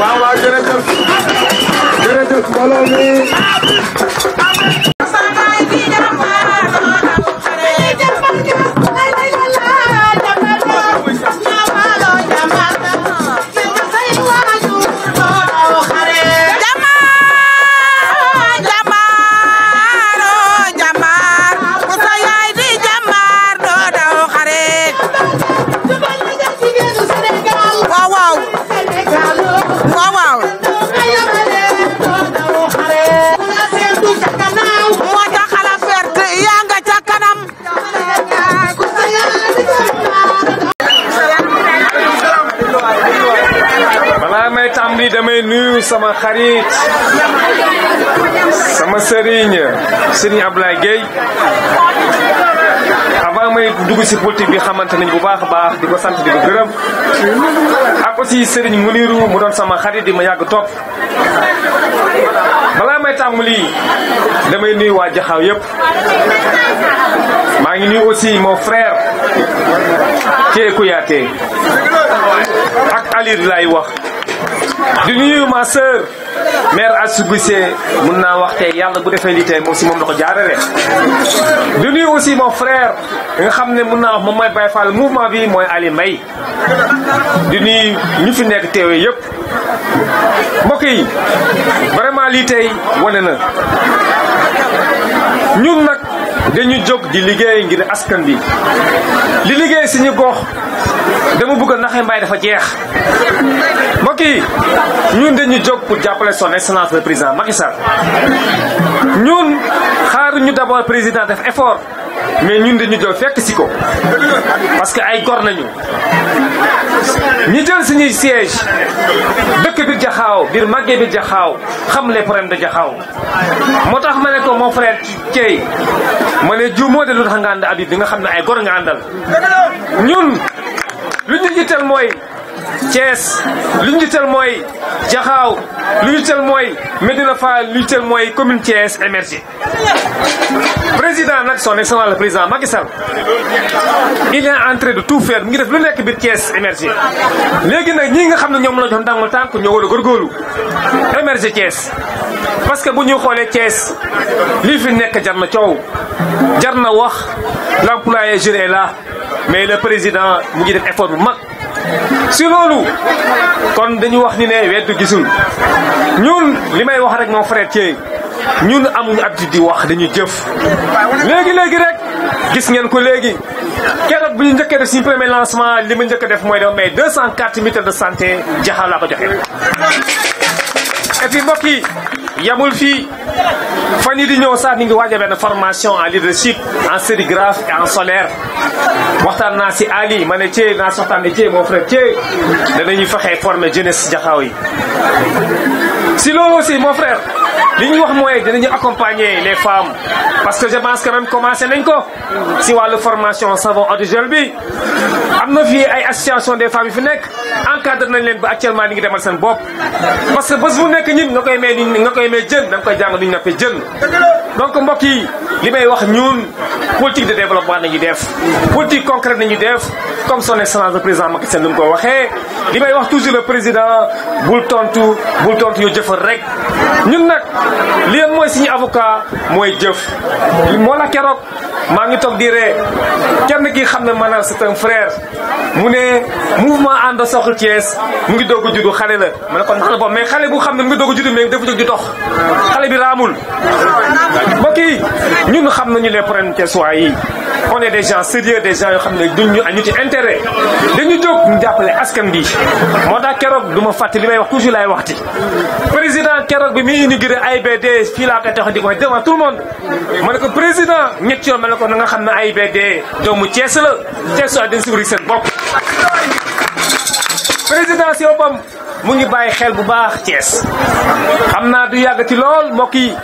waaw waaw jërëjëf jërëjëf mbooloo mi xarit sama sëriñ sëriñ Ablaye Gueye avant may dugg si politique bi xamante nañ bu baax a baax di ko sant di ko gërëm ak aussi sëriñ Muniru mu doon sama xarit di ma yàgg topp balaa may tàmbali damay nuyu waa Jaxaaw yëpp maa ngi nuyu aussi mon frère Thie Kouyaté ak Alir lay wax di nuyu ma sœur mère Assou Guissé mun naa wax tey yàlla bu defee lii tey moom si moom la ko jaarale di nuyu aussi mon frère nga xam ne mun na wax moom mooy bay Fall mouvement bi mooy Ali Mbaye di nuyu ñu fi nekk teewee yëpp mbokk yi vraiment lii tey wane na ñun nag dañu jóg di liggéey ngir askan bi li liggéey suñu gox dama bugg a naxe mbaay dafa jeex mbokk yi ñun dañu jóg pour jàppale son excellence le président Macky Sall ñu xaaruñu d'abord président def effort mais ñun dañu jël fekk si ko parce que ay gor lañu ñu jël suñuy siège dëkk bi jaxaaw biir maggee bi jaxaaw xam les problèmes de jaxaaw moo tax ma ne ko mon frère Thiey ma ne juumoo de lu tax nga ànd Habib bi nga xam ne ay gor nga àndal ñun lu ñu jiital mooy Thiès l'unité ñu mooy Jaxaaw ñu Médina Fall ñu président son le président Macky il est en train de tout faire mu ngi def lu nekk biir Thiès émergé léegi nag ñi nga xam ne ñoom la jox tànk ñoo war a émergé Thiès parce que bu ñu xoolee Thiès li fi nekk jar na coow jar na wax l'employé là mais le président mu def effort si loolu kon dañu wax ni ne weddu gisul ñun li may wax rek moom frère Thié ñun amuñu ji di wax dañu jëf léegi léegi rek gis ngeen ko léegi keroog bu ñu njëkkee def suñu premier lancement li ma njëkk def mooy dama may 204 mutuelle de santé jaxal laa ko joxe et puis yamul y fani di ñëw sa ni formation en leadership en sérigraphe et en solaire Moi, c'est Ali mané na mon frère Thiè danañuy fexe former jeunesse suis yi. si aussi mon frère li ñu wax accompagner les femmes parce que je pense que même commencer nañ ko si walu formation savon de am na fii ay association des femmes yi fi nekk encadré nañ leen ba actuellement di ngi demal seen bopp parce que bés bu nekk ñun nga koy may nga koy may jën da nga koy jàng duñu nappee jën donc mbokk yi li may wax ñun politique de développement nañu def politique concrète nañu def comme son excellence le président Macky Sall lu mu ko waxee li may wax toujours le président bul tontu bul tontu yoo jëfal rek ñun nag li mooy suñu avocat mooy jëf moo la keroog maa ngi toog di ree kenn kii xam ne maanaam c'est un frère mu ne mouvement ànd soxla Thiès mu ngi doog a juddu xale la ma ne ko ndax la boobu mais xale bu xam ne mu ngi doog a juddu mais dafa jóg di dox xale bi raamul mbokk yi ñun xam nañu les problèmes Thiès waay yi on est des gens sérieux des gens qui ont intérêt Nous, nous ñu askan bi moo tax keroog du la vie. toujours un waxti président je bi muy inauguré l'IBD. devant tout le monde Je le président Je suis ma ko na nga doomu suis la président mu ngi bàyyi xel bu baax Thiès xam naa du ci lool mbokk yi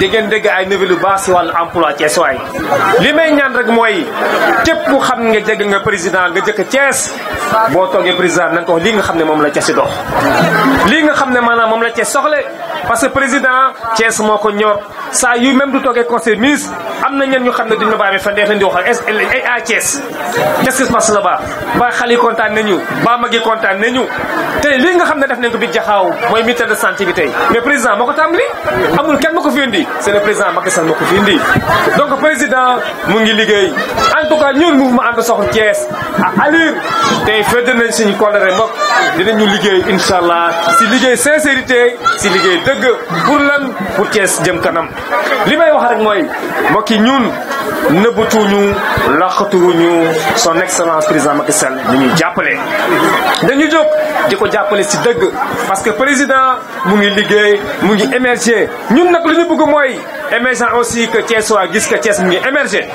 di ngeen dégg ay nouvelles yu baax si wàllu emploi Thiès waay li may ñaan rek mooy képp ku xam nga jege nga président nga jëkk Thiès boo toogee président na nga ko wax lii nga xam ne moom la Thiès di dox. lii nga xam ne maanaam moom la Thiès soxle parce que président Thiès moo ko ñor saa yu même du toogee conseil ministre am na ñenn ñu xam ne duñu la bàyyi fan dee leen wax ak à Thiès qu'est-ce qui se passe là ba xale yi kontaan nañu ba mag yi kontaan nañu te def nañ ko biir jaxaaw mooy ministère de santé bi tey mais président moo ko tàmbali amul kenn ma ko fi indi c'est le président Macky Sall moo ko fi indi donc président mu ngi liggéey en tout cas ñun mouvement ànd soxla Thiès à allure tey fedd nañ suñu colère mbokk dinañu liggéey incha allah si liggéey sincérité si liggéey dëgg pour lan pour Thiès jëm kanam li may wax rek mooy mbokk yi nous laqatuwuñu son excellence président Macky Sall Nous ñuy Nous dañu nous diko jappalé ci parce que président mu ngi liggéey nous ngi émerger ñun nak nous bëgg émergent aussi que Thiès waa gis que cees mu ngi émerger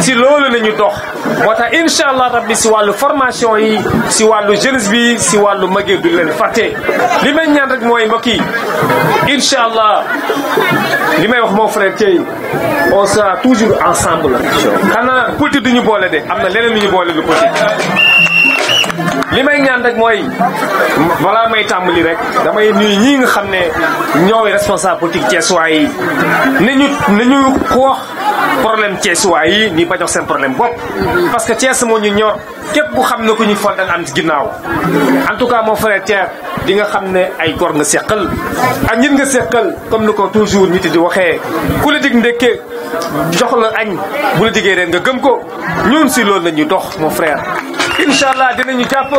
si loolu la ñu dox moo tax incha allah rabbi si wàllu formation yi si wàllu jeunesse bi si wàllu magee du leen fàtte li may ñaan rek mooy mbokk yi allah li may wax mon frère Thiey on sera toujours ensemble xanaa politique du ñu boole de am na leneen lu ñu boole lu politique li may ñaan rek mooy balaa may tàmbali rek damay nuyu ñii nga xam ne ñooy responsable politique Thiessois yi nañu nañu wax problème Thiessois yi ñu bañ seen problème bopp. parce que Thiès moo ñu ñor képp ku xam ne ku ñu fol da nga am ginnaaw en tout cas mon frère Thier di nga xam ne ay góor nga seqal ak ñin nga seqal comme ni ko toujours nit di waxee ku la dig ndekke jox la añ bu la diggee reen nga gëm ko ñun si loolu la ñuy dox mon frère. incha allah dinañu jàpp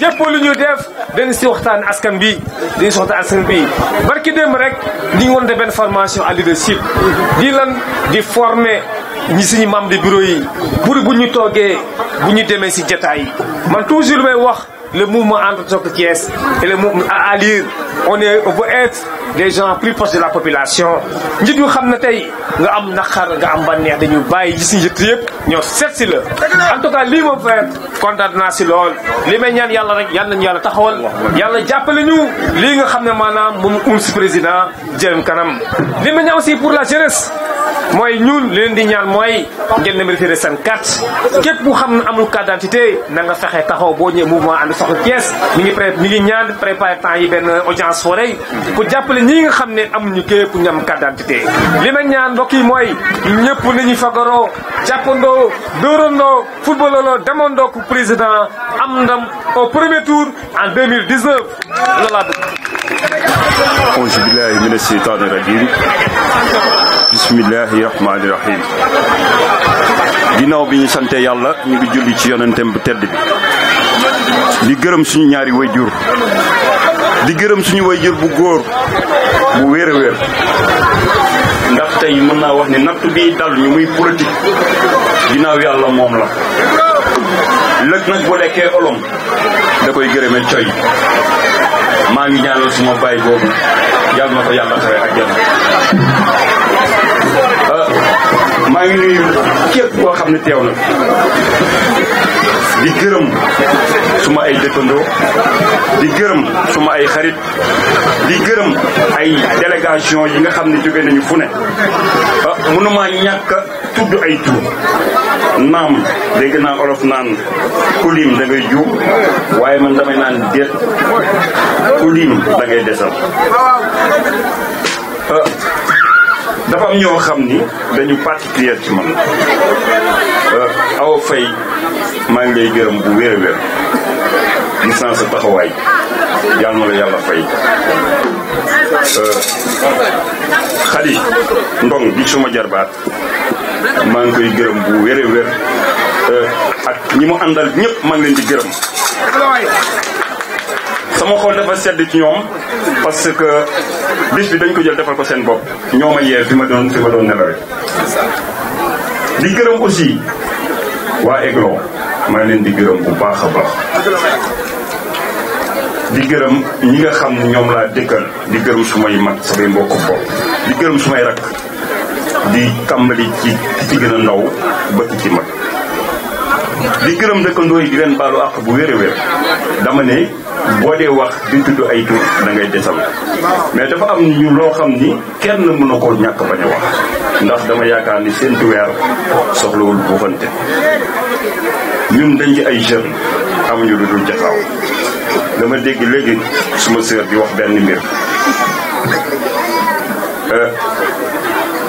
jëpp lu ñu def dinañ si waxtaan askan bi dinañ si waxtaan askan bi ki démb rek ñu ngi wonte benn formation à leadership di lan di former ñi suñu membre de bureau yi pour bu ñu toogee bu ñu demee si jataay yi man toujours may wax le mouvement entre Tok Thiès et le mouvement à lire on est on veut être des gens plus proches de la population nit ñu xamna tay nga am naqar nga am banex dañu bàyyi gis ñi yëpp ñoo seet si la en tout cas li mo fait contact na ci lool li may ñaan yalla rek yalla ñu yalla taxawal yalla jàppale ñu li nga xamne manam mu un président jëm kanam li may ñaan aussi pour la jeunesse moy ñun leen di ñaan moy ngeen dem mérité sen carte képp bu xam amul carte d'identité na nga fexé taxaw bo ñe mouvement and sax pièce mi ngi prêt mi ngi ñaan préparer temps yi ben audience transféré ku jàppale ñi nga xam ne amuñu képp ñam carte d'identité li ma ñaan mbokk yi mooy ñëpp nañu fagaroo jappando dorondo footballolo demandoo ku président am ndam au premier tour en 2019 loolu laa bëgg auzu billahi mina rajim bismillahi rahmaani rahim ginnaaw bi ñu sante ñu ngi julli ci yonentem bu tedd bi di gërëm suñu ñaari wayjur di gërëm suñu wayjur bu góor bu wér a ndax tey mën naa wax ni natt bi dal ñu muy politique ginnaaw yàlla moom la lëg nag boo lekkee olom da koy gërëme coy maa ngi ñaanal suma baay boobu yàlla na ko yàlla xare ak jàmm maa ngi nuyu képp koo xam ne teew na di gërëm suma ay dëkkandoo di gërëm suma ay xarit di gërëm ay délégation yi nga xam ne jóge nañu fu ne ah, mënuma ñàkk a tudd ay tur naam dégg naa olof naan kulim da ngay waaye man damay naan déet kulim da desal am ñoo xam ni dañu particulier ci man euh, aw fay maa ngi lay gërëm bu wér a wér taxawaay yàlla na la yàlla fay xali euh, ndong bi suma jarbaat maa ngi koy gërëm bu wér a euh, ak ñi mu àndal ñëpp maa leen di gërëm sama xol dafa sedd ci ñoom parce que bis bi dañ ko jël defal ko seen bopp ñoo ma yeer fi ma doon fi ma doon nelawee di gërëm aussi waa Aiglon maa leen di gërëm bu baax a baax di gërëm ñi nga xam ñoom laa dëkkal di gërëm sumay mag samay mbokk bopp di gërëm sumay rakk di tàmbali ci ci gën a ndaw ba ci mag di gërëm ko ndoy di leen balu ak bu wéré wér dama né bo dé wax di tuddu ay tu da ngay déssal mais dafa am ñu lo xam ni kenn eh, mëna ko koo bañu wax ndax dama yaakaar ni soxlu tuweer bu buuxante ñun dañ ci ay jeunes am ñu dudul jaxaw dama dégg légui suma sœur di wax benn mbir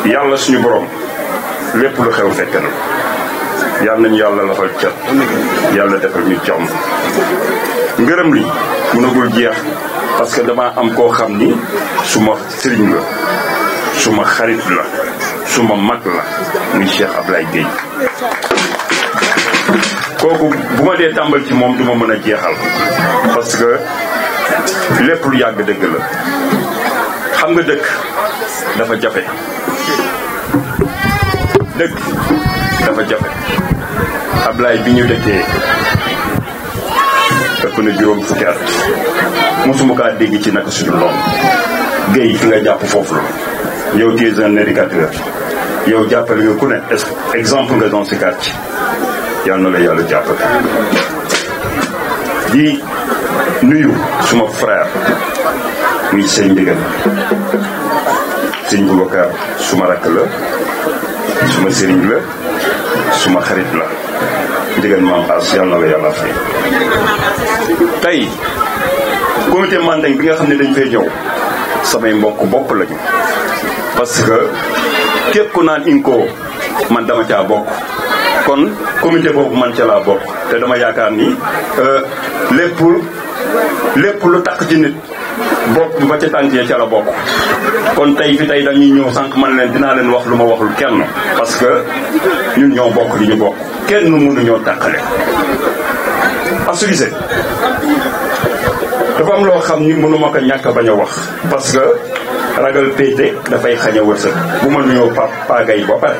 yalla suñu borom lepp lu xew fekk na yàlla nañu yàlla lafal cat yàlla defal ñu càmm ngërëm li mënagul jeex parce que damaa am koo xam ni suma sëriñ la suma xarit la suma mag la muy Cheikh Ablaye Gueye kooku bu ma dee tàmbal ci moom du mën a jeexal parce que lépp lu yàgg dëgg la xam nga dëkk dafa jafe dëkk dafa jafe Ablaye bi ñu dëkkee ëpp na juróom fukki at mosuma kaa dégg ci naka suñu lool géey fi nga jàpp foofu la yow tu es un éducateur nga ku ne exemple nga dans ce quartier yal na la yàlla jàppale di nuyu suma frère muy sëñ Ndigal sëñ Boubacar suma rakk la suma sëriñ la suma xarit la ndigal maam as yàlla na ko yàlla fay tey comité Mandeng bi nga xam ne dañ fay ñëw samay mbokk bopp lañu parce que képp ku naan Inco man dama ca bokk kon comité boobu man ca laa bokk te dama yaakaar ni euh, lépp lépp lu takk ci nit bokk ba ca tànk ya ca la bokk kon tey fi tey dañuy ñëw sànq man leen dinaa leen wax lu ma waxul kenn parce que ñun ñoo bokk li ñu bokk kenn mënuñoo tàqale Astou Guissé dafa am loo xam ni mënuma ko ñàkk bañ wax parce que ragal péete dafay xañ a wërsëg bu ma nuyoo pa paagay ba pare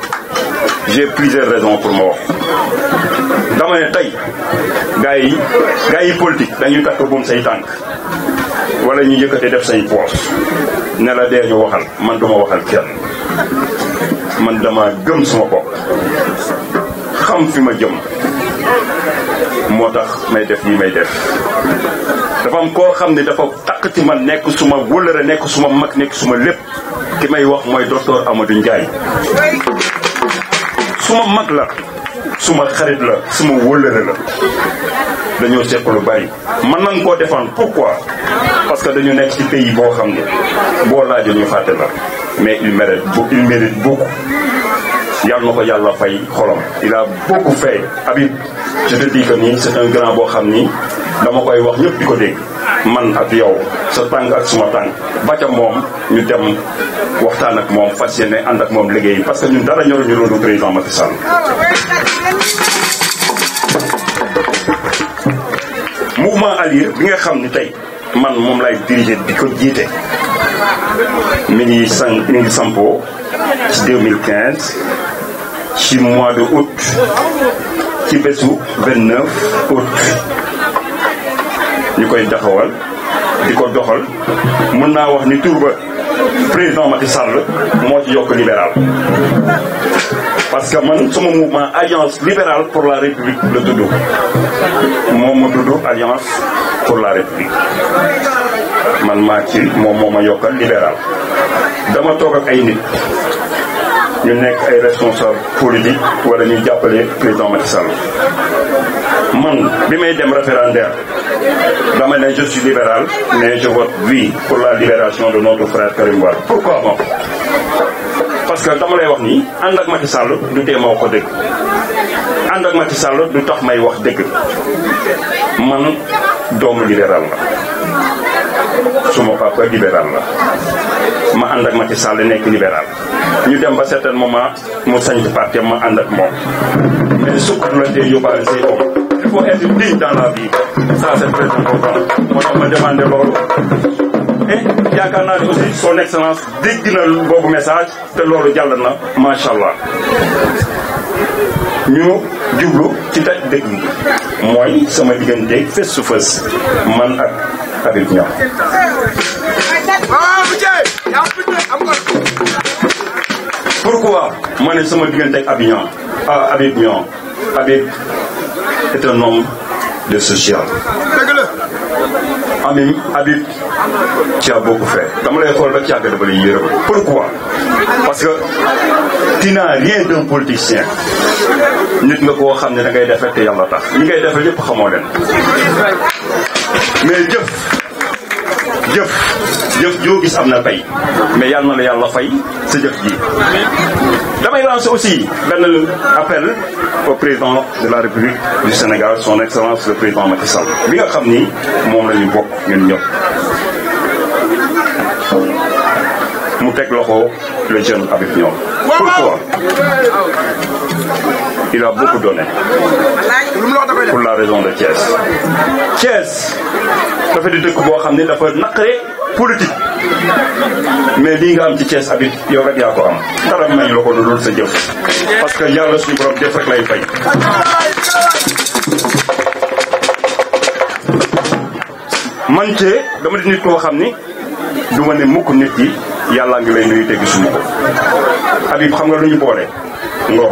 j'ai plusieurs raisons pour moi. Dans dama ne tey gars politique, dans une carte dañuy c'est buum Voilà, tànk wala ñu yëkkati def say poos ne la dee ñu waxal man duma waxal kenn man dama gëm sama bopp xam fi ma jëm moo may def ñi may def dafa am koo xam ne dafa takk ci man nekk suma suma suma ki may wax docteur Amadou Ndiaye suma mag la suma xarit la suma wëllëre la dañoo seq lu bari man nañ koo défendre koi parce que dañu nekk ci pays boo xam ne boo laajoo ñu fàtte la mais il mérite il mérite beaucoup yàlla na ko yàlla fay xolam il a beaucoup fait Habib je te dis que nii c'est un grand boo xam ni dama koy wax ñëpp di ko dégg man ak yow sa tànk ak suma tànk ba ca moom ñu dem waxtaan ak moom fas yéene ànd ak moom liggéey parce que ñun dara ñoruñu loolu président Macky Sall mouvement Alir bi nga xam ni tey man moom lay diriger di ko jiite mi ngi san mi ngi sampoo ci 2015 ci mois de août ci bésu 29 août ñu koy taxawal di ko doxal mën naa wax ni tourba président Macky Sall mo ci yok libéral parce que man sama mouvement alliance libérale pour la république le tudd moom ma tudd alliance pour la république man maa ci moom libéral dama tok ak ay nit ñu nekk ay responsable politique wala ñu jàppale président Macky Sall man bi may dem référendaire dama ne je suis libéral mais je vote oui pour la libération de notre frère Karim Wade pourquoi moom parce que dama lay wax ni and ak Macky Sall du tee ma wax ko dëgg ànd ak Macky Sall du tax may wax dëgg man dom libéral la suma papa libéral la ma and ak Macky Sall nek libéral ñu dem ba certain moment mu sañ parti ma and ak mom mais sukkat la té yóbbaale say om il faut être bien dans la vie. Ça, c'est très important. Moi, je me demande de et eh, il y a aussi son excellence digne ah, de vos message de l'or de Yalana, Masha'Allah. Nous, du bloc, qui t'a dit moi, ça m'a dit que je fais je suis avec moi. Pourquoi moi, ça me dit que je fais Ah, Avec bien, Avec est un homme de social. Amim Habib qui a beaucoup fait dama lay xool rek yàgg dafa lay parce que tu n'as rien d'un politicien nit nga koo xam ne da ngay defar te yàlla tax li ngay defar lépp xamoo leen mais jëf jëf jëf joo gis am na fay mais yàlla na la yàlla fay sa jëf ji damay lancer aussi benn appel au président de la République du Sénégal son excellence le président Macky Sall bi nga xam ni moom la ñu bokk ñun ñëpp mu teg loxo le jeune avec ñoom pourquoi il a beaucoup donné pour la raison de Thiès. Thiès dafa di dëkk boo xam ne dafa naqare politique mais lii nga am ci Thiès abit yow rek yaa ko am dara nañ la ko dul sa jëf parce que yàlla suñu borom jëf rek lay fay. man cee dama di nit koo xam ni du ma ne mukk nit yi yàllaa ngi lay nuyu te gisuma ko Habib xam nga lu ñu boole ngor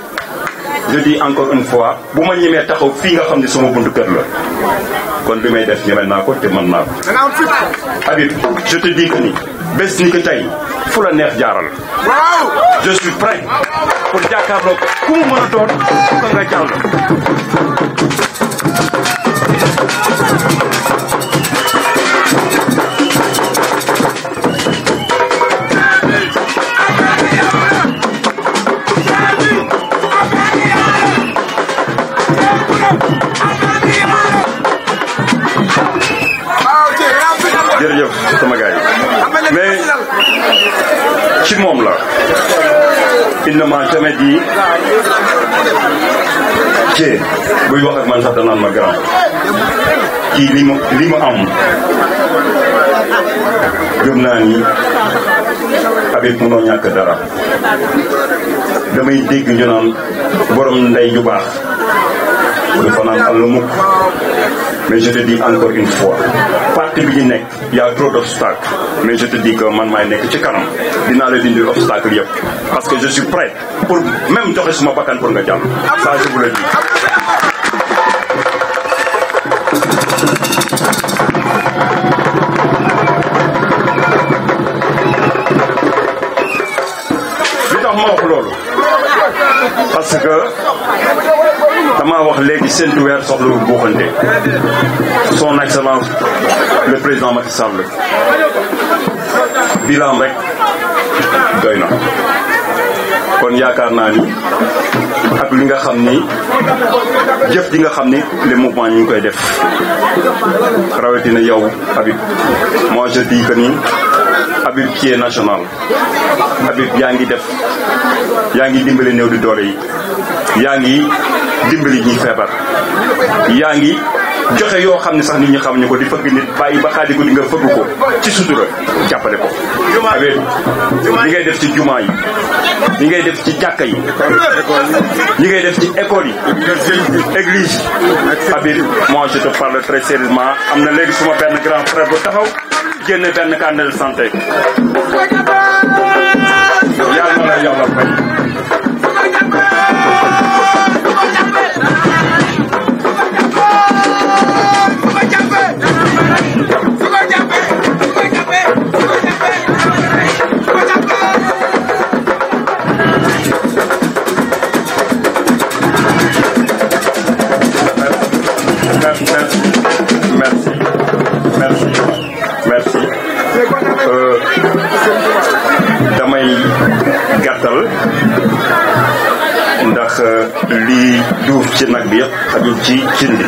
je dis encore une fois bu ma ñemee taxaw fi nga xamné sama buntu kër la kon li may def ñeme naa ko te mën naa ko. Habib je te dis que ni bés ni que tay fu la neex jaaral. waaw je suis prêt pour jakarlo ku mëna mën ko nga jàll. ci mom la inna m'a jamais dit Dieng buy wax ak man sax danaan ma gram kii li ma am gëm na ni Habib mënoo ñak dara damay dégg ñu naan borom ndey ju baax du fanaan àll mukk mais je te dis encore une fois parti bi ñu nekk y a trop d' obstacles mais je te dis que man maay nekk ci kanam dinaa la dindi obstacle yëpp parce que je suis prêt pour même joxe suma bakkan pour nga jàll ça je vous le séntu weer soxlawul buuxante son excellence le président Macky Sall bilan rek doy na kon yaakaar naa ni ak li nga xam ni jëf li nga xam ni les mouvements ñu ngi koy def rawatina yow Habib moi je dis que ni Habib qui est national Habib yaa ngi def yaa ngi dimbale néew di doole yi yaa ngi dimbali ñuy feebar yaa ngi joxe yoo xam ne sax ni ñu xam ñu ko di fëgg nit bàyyi ba xaadi ko di nga fëgg ko ci sutura jàppale ko awee li ngay def ci jumaa yi li ngay def ci jàkka yi li ngay def ci école yi église Habib moi je te parle très sérieusement am na léegi suma benn grand frère bu taxaw génne benn carnet de santé yàlla na yàlla fay lii duuf ci nag bi yëpp xajul ci cin bi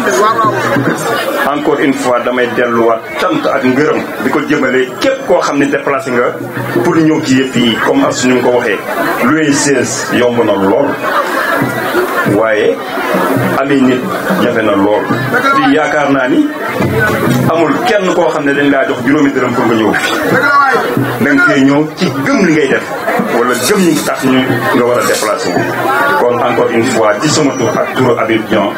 encore une fois damay delluwaat cant ak ngërëm di ko jëmalee képp koo xam ne déplacé nga pour ñëw ci yëf yi comme ak ñu ko waxee. luy 16 yomb na lool. waaye amee nit jafe na lool te yaakaar naa ni amul kenn koo xam ne dañ laa jox juróomi dërëm pour nga ñëw da nga fee ñëw ci gëm li ngay def wala gëm ñu tax ñu nga war a déplacé wu. kon encore une fois ci sama tur ak turu Habib Dieng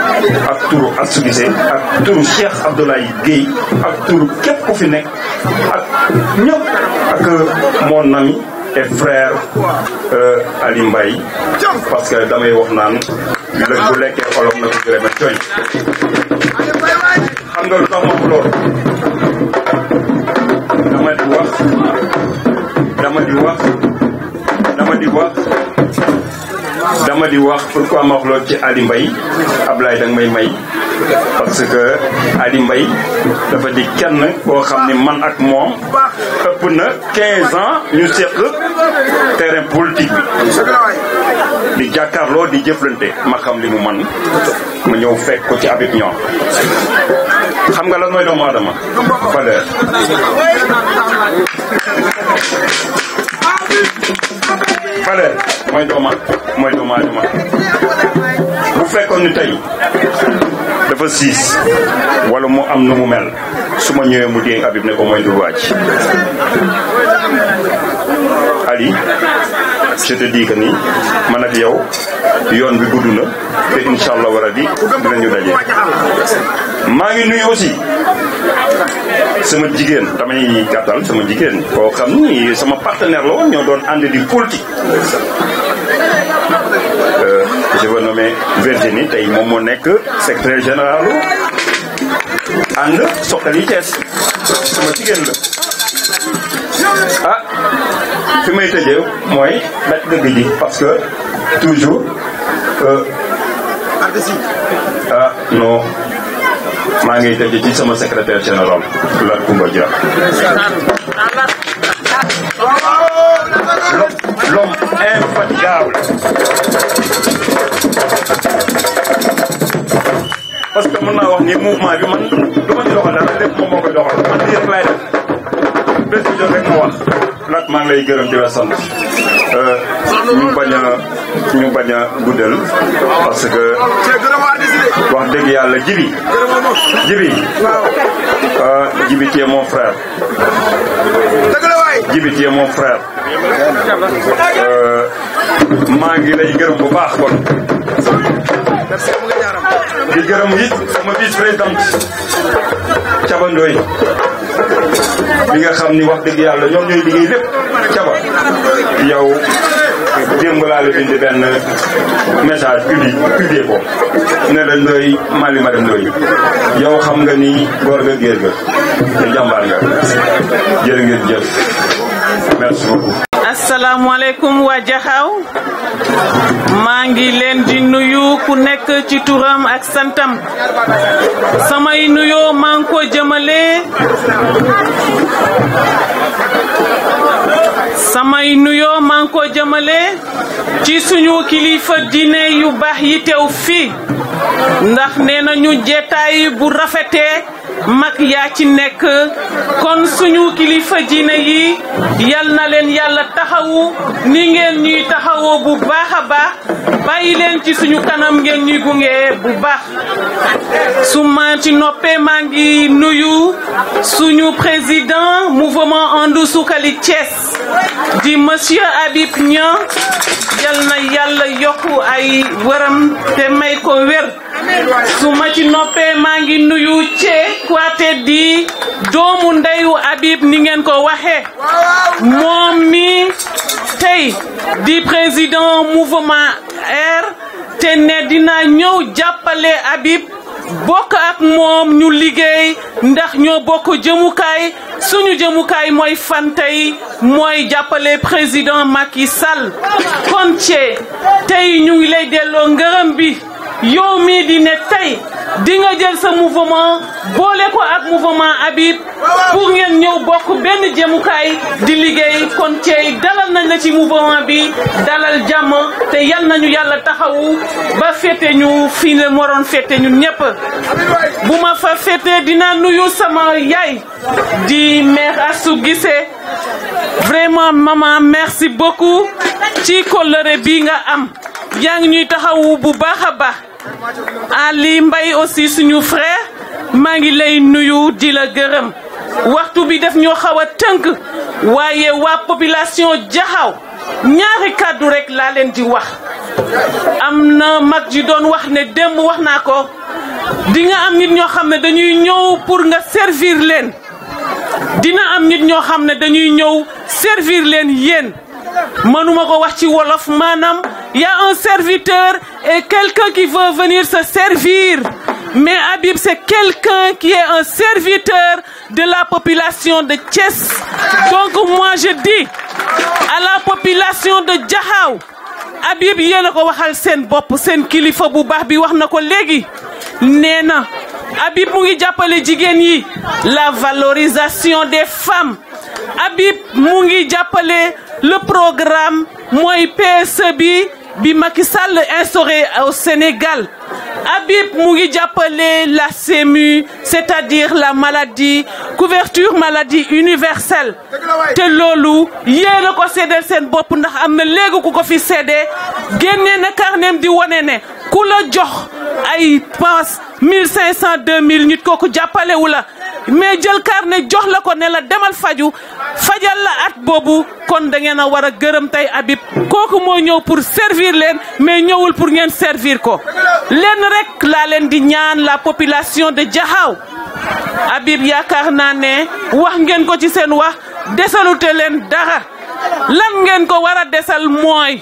ak turu Abdou Guissé ak turu Cheikh yi géey ak turu képp ku fi nekk ak ñëpp ak mon ami et frère euh, Ali Mbaye parce que damay wax naan meloñ bu lekkee xolam na ko jure mel coñ xam nga lu tax ma dama di wax dama di wax dama di wax dama di wax ci Ali Mbaye Ablaye danga may may parce que Ali Mbaye dafa di kenn boo xam ni man ak moom ëpp na 15 ans ñu seq terrain politique bi di jàkkaarloo di jëflante ma xam li mu man ma ñëw fekk ko ci abib ñoom xam nga lan mooy doomu aadama valeur valeur mooy doomu mooy doomu aadama bu fekkoon ni tey dafa siis wala mo am nu mu mel su ma ñëwee mu dee Habib ne ko mooy dul waaj Ali je te dis que ni man ak yow yoon bi gudd na te incha allah war a di dinañu daje maa ngi nuyu aussi sama jigéen damay gàttal sama jigéen koo xam sama partenaire la woon ñoo doon ànd di politique Euh, je vais nommer Virginie tey moom moo nekk secrétaire général ànd Suxali Thiès sama jigéen la ah fi may tëjee mooy daj dëgg ji parce que toujours euh, ah non maa ngi tëjee ci sama secrétaire général Lat Koumba Dia es infatigable. parce que mën naa ni mouvement bi di yëpp laay def bés bu jot rek ma wax laat maa ngi lay gërëm di la sant ñu bañ a ñu bañ a guddal parce que wax dëgg yàlla Euh, maa ngi lay gërëm bu baax kon di gërëm it sama vice président Caba Ndoye bi nga xam ni wax dëgg yàlla ñoom ñooy liggéey lépp Caba yow démb laa la bind benn message public publié ko ne la Ndoye Mali Madame Ndoye yow xam nga ni góor nga géer nga te nga jërë ngeen jëf asalaamualeykum waa Jaxaaw maa ngi leen di nuyu ku nekk ci turam ak santam samay nuyoo maa ngi ko jëmale ci suñu kilifa diine yu baax yi teew fii ndax nee nañu jetaay bu rafetee Mak yati neke Kon sou nou ki li fejineyi Yal na len yal ta ha ou Ningen ni ta ha ou bou ba ha ba Bay len ti sou nou kanam gen nye gounge bou ba Souman ti nou pe mangi nou you Sou nou prezident mouvement andou sou kalit ches Di monsie Abip Nyan Yal na yal yoku ayi werem temay kon wert Sou machi noupe mangin nou yu che Kwa te di Do moun dayou abib nigen ko wakhe Moun mi Te di prezident Mouvement R Te nedina nyo djapale Abib Boka ak moun nou ligay Ndak nyo boko djemoukay Sou nou djemoukay moun fan te Moun djapale prezident maki sal Kon che Te yi nou yi ley de lon gerem bi Yomi di netay, di nga jel se mouvouman, bole kwa ak mouvouman abit, pou ngen nyou bok ben di jemoukay, diligey, kontyey, dalal nan neti mouvouman abit, dalal jaman, te yal nan nou yal la tahawou, ba fete nou, finle mouaron fete nou nyep. Bouman fa fete, di nan nou yon seman yay, di mer asou gise. Vreman mama, mersi boku, ti kolore bi nga am. yaa ngi ñuy taxawu bu baax a baax Ali mbay aussi suñu free maa ngi lay nuyu di la gërëm waxtu bi def ñoo xaw a tënk waaye waa population jaxaw ñaari kàddu rek laa leen di wax am na mag ji doon wax ne démb wax naa ko dinga nga am nit ñoo xam ne dañuy ñëw pour nga servir leen dina am nit ñoo xam ne dañuy ñëw servir leen yéen Il y a un serviteur et quelqu'un qui veut venir se servir mais Habib c'est quelqu'un qui est un serviteur de la population de Thiès donc moi je dis à la population de jahao Habib y a waxal sen Sen kilifa Habib mu ngi jàppale yi la valorisation des femmes Habib mungi Diapole, le programme Moi PSE bi bi Macky Sall au Sénégal Habib mungi Diapole, la CMU c'est-à-dire la maladie couverture maladie universelle te Lolu, yéen a ko séddee sen bop ndax na léegi ko fi cédé, génnee na carnet di Wanene, ne ku la jox passe 1500 2000 nit kooku jàppalewu la mais jël carnet jox la ko ne la demal faju fajal la at boobu kon da ngeen a war a gërëm tey Habib kooku moo ñëw pour servir leen mais ñëwul pour ngeen servir ko leen rek laa leen di ñaan la population de Diakhao Habib yaakaar naa ne wax ngeen ko ci seen wax desalute leen dara lan ngeen ko war a desal mooy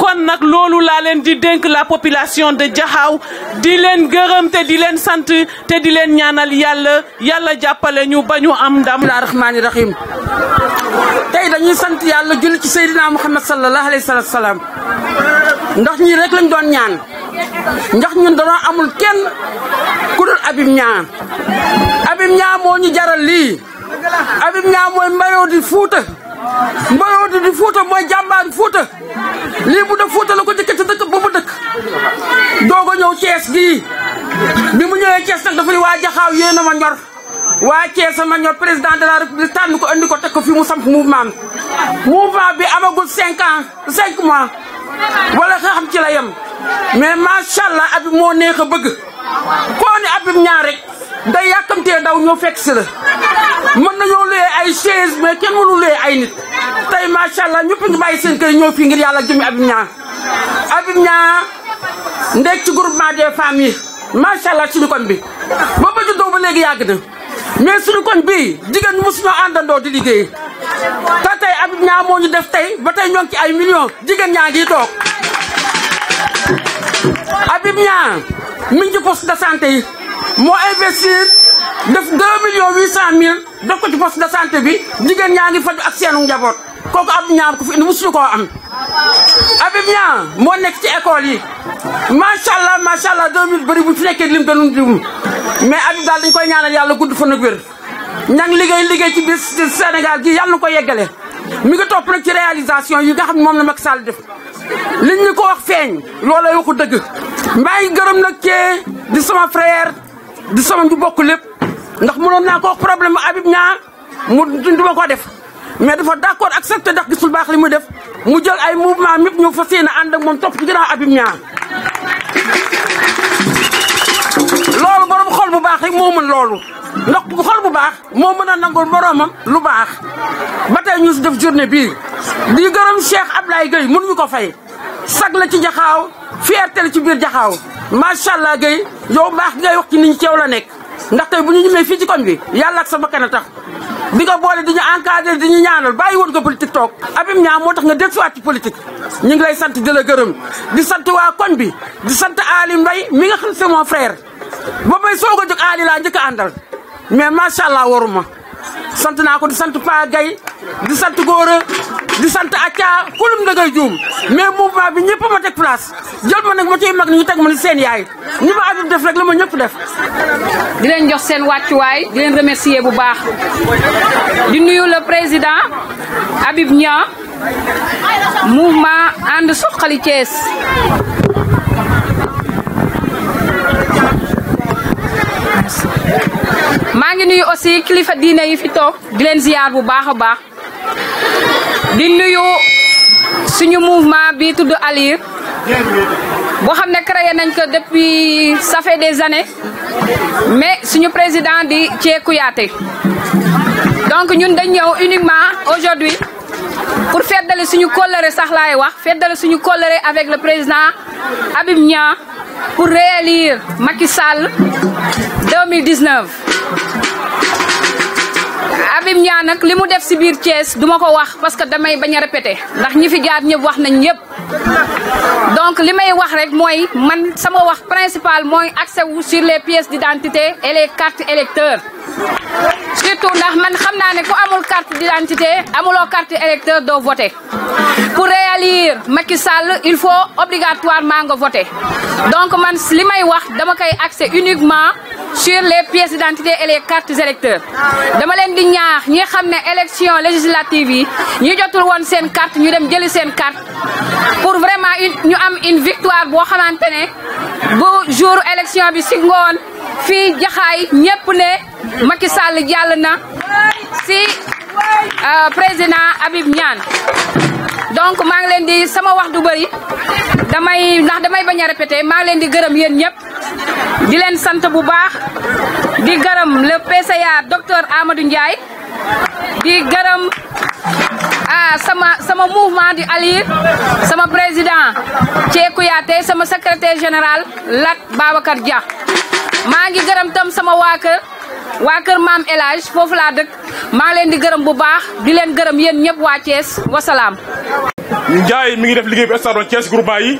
kon nag loolu laa leen di dénk la population de Diakhao di leen gërëm te di leen sant te di leen ñaanal yàlla yàlla jàppale ñu ba ñu am ndam. bismilaahi rahmaani rahiim tey dañuy sant yàlla julli ci Seydina Muhammad sallallahu alayhi wa sallam ndax ñii rek lañ doon ñaan ndax ñun danoo amul kenn ku dul Habib Niang Habib Niang moo ñu jaral lii Habib Niang mooy mbayoo di Fuuta. mbaloo di foto mooy jàmbaari foto, lii bu def Fouta la ko jëkkee ca dëkk ba mu dëkk doog a ñëw Thiès gii bi mu ñëwee Thiès nag dafa ne waa Jaxaaw yéen a ma ñor waa Thiès ma ñor président de la république tànn ko andi ko teg fi mu samp mouvement mouvement bi amagul cinq ans cinq mois wala xam ci la yem mais macha allah abi moo neex a bëgg koo ne abim ñaar rek. day yàkkamtee ndaw ñoo fekk si la mën nañoo lee ay chaise mais kenn mënu ay nit tey macha allah ñëpp ngi bàyyi seen kër ñëw fii ngir yàlla jëmi Habib Niang Habib Niang ndek ci groupement des femmes yi macha allah suñu koñ bi ba ba juddoo ba léegi yàgg na mais suñu koñ bii jigéen àndandoo di liggéey te tey Habib Niang moo ñu def tey ba tey ñoo ci ay millions jigéen ñaa ngi toog Habib Niang mi ngi ci poste moo investir def 2 millions 800 mille def ko ci poste de santé bi jigéen ñaa ngi faju ak seenu njaboot kooku ab ñaar ku fi indi musuñu koo am Habib Niang moo nekk ci école yi macha allah macha allah 2000 bëri bu fi nekkee lim gënuñ lim mais Habib daal dañ koy ñaanal yàlla gudd fan ak wér. ña ngi liggéey liggéey ci biir Sénégal gi yàlla na ko yeggale mi ngi topp nag ci réalisation yi nga xam ne moom la Macky Sall def liñ ñu ko wax feeñ loolay waxu dëgg. maa ngi gërëm nag kii sama frère. di sama ju bokk lépp ndax mu mënoon naa ko wax problème mu Habib mu du ma ko def mais dafa d' accord accepté ndax gisul baax li muy def mu jël ay mouvement mépp ñu fa yéene ànd ak moom topp ci ginnaaw Habib Niang loolu borom xol bu baax rek moo mën loolu ndax xol bu baax moo mën a nangul boromam lu baax ba tey ñu si def journée bii di gërëm Cheikh Ablaye Gueye mënuñu ko fay. sag la ci jaxaaw fierté la ci biir jaxaaw macha allah gay yow baax ngay wax ci nit ñi ci la nekk ndax tey bu ñu ñemee fii ci koñ bi yàlla ak sa tax bi nga boole di ñu encadré di ñu ñaanal bàyyi woon nga politique toog abim ñaa moo tax nga dellusiwaat ci politique ñu ngi lay sant di la gërëm di sant waa koñ bi di sant Ali mbay mi nga xam c'est mon frère ba may soog a jóg Ali laa njëkk a àndal mais macha allah waruma sant naa ko di sant Pa Gaye di sant Gora di sant Acca kulum da ngay juum mais mouvement bi ñëpp ma teg place jël ma nag ma ciy mag ni ñu teg ma ni seen yaay ñi ma Habib def rek la ma ñëpp def. di leen jox seen wàccuwaay di leen remercier bu baax di nuyu le président Habib Niang mouvement ànd suqali Thiès. maa nuyu aussi kilifa diine yi fi tok di len ziar bu baax baax di nuyu suñu mouvement bi tuddu Alir Bo xam créé nañ ko depuis ça fait des années mais suñu président di Thie Kouyaté donc ñun dañ ñëw uniquement aujourd'hui pour feddale suñu kóllëre sax laay wax feddale suñu colère avec le président Habib pour réélire Macky Sall 2019 Habib Niang nag li mu def si biir Thiès duma ko wax parce que damay bañ a repete ndax ñi fi jaar ñëpp wax nañ ñëpp. donc ce que wax rek c'est man sama wax principal accès sur les pièces d'identité et les cartes électeurs surtout ndax man xam naa ne amul carte d'identité une carte électeur pour voter pour réaliser Macky Sall il faut obligatoirement voter donc man li may wax dama koy accès uniquement sur les pièces d'identité et les cartes électeurs dama vous di ñaax ñi xam élection législative yi ñi jotul carte ñu dem jëli carte pour vraiment ñu am une victoire bo xamantene ne bu jour élection bi si fi jaxay ñepp né Macky Sall jall na si euh, président Habib Niane donc ma ngi leen di sama wax du bari damay ndax damay baña répéter ma ngi leen di gëreum yeen ñepp di leen sante bu baax di gëreum le PCA docteur Amadou Ndiaye di gëreum ah sama sama mouvement di alir sama président Thie Kouyaté sama secretaire général Lat Babacar Dia maa ngi gërëm tam sama waa kër waa kër maam El foofu laa dëkk maa leen di gërëm bu baax di leen gërëm yéen ñëpp waa Thiès wasalaam. Ndiaye mi ngi def liggéey bu instant Thiès groupement yi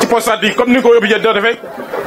ci poste yi comme ni ko Obidien doon defee.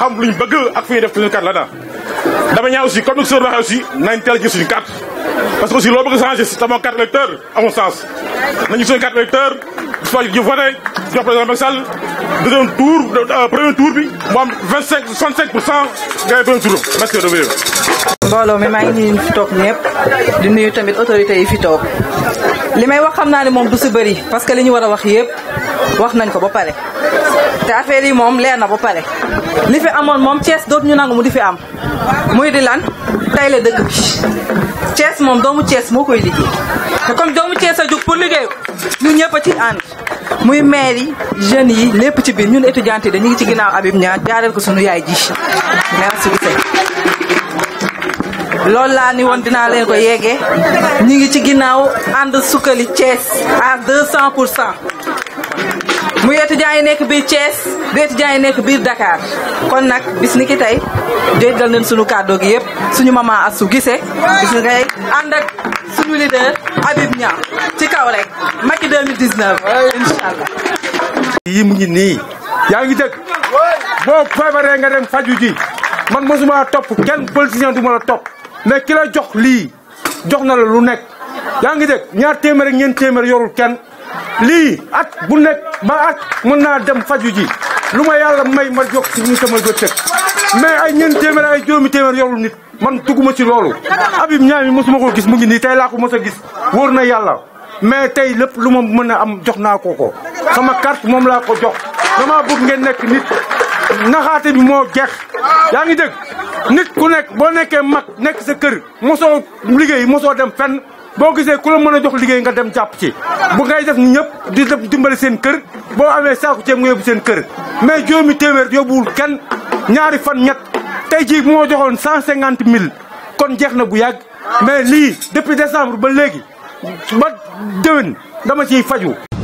xam luñ bëgg ak fu ñuy def suñu carte la na dama ñaa aussi comme ni seur waxee aussi nañ teel jël suñu carte parce que aussi loo bëgg changé si tamoo carte électeur amul sens nañu suñu carte électeur soit ñu voté jox président Macky tour euh, premier tour bi mu am cinq soixante cinq pour cent gars mi maa ngi ñu fi toog ñëpp di nuyu tamit autorités yi fi toog li may wax xam naa ne moom du si bëri parce que lañu ñu war a wax yëpp wax nañ ko ba pare te affaire moom leer na ba pare li fi amoon moom cees dootu ñu nangu mu di fi am muy di lan tay la dëkk bi Thiès moom doomu cees moo koy liggéey te comme doomu Thiès a jug pour liggéey ñu ñëpp ci ànd muy maire yi jeunes yi lépp ci biir ñun étudiants yi ñu ngi ci ginnaaw Habib Niang jaareel ko sunu yaay ji merci beaucoup loolu laa ni woon dinaa leen ko yeggee ñu ngi ci ginnaaw ànd sukkali Thiès à cent pour cent muy étudiants yi nekk biir Thiès di étudiants yi nekk biir Dakar kon nag bis ni ki tey déggal nañ suñu kàddoo gi yépp suñu mama asu Guissé bis ni ngay ànd ak suñu leader Habib Niang ci kaw rek Macky 2019 incha allah. yii mu ngi nii yaa ngi dëgg boo feebaree nga dem faju ji man mosuma topp kenn politicien du ma la topp mais ki la jox lii jox na la lu nekk yaa ngi dëgg ñaar téeméer ak ñeent téeméer yorul kenn. lii at bu nekk ma at mën naa dem faju ji lu ma yàlla may ma jóg ci ñu sama bëccëg mais ay ñeent téeméer ay juróomi téeméer yorul nit man dugguma ci loolu abi Niang mi mosuma ko gis mu ngi nii tey laa ko mos a gis wóor na yàlla mais tey lépp lu ma mën a am jox naa ko ko sama carte moom laa ko jox dama bëgg ngeen nekk nit naxaate bi moo jex yaa ngi dégg nit ku nekk boo nekkee mag nekk sa kër mosoo liggéey mosoo dem fenn boo gisee ku la mën a jox liggéey nga dem jàpp ci bu ngay def ñëpp di dem dimbali seen kër boo amee saaku ceeb nga yóbbu seen kër mais juróomi téeméer yóbbuwul kenn ñaari fan ñett tey jii moo joxoon cent cinquante mille kon jeex na bu yàgg mais lii depuis décembre ba léegi ba déwén dama ciy faju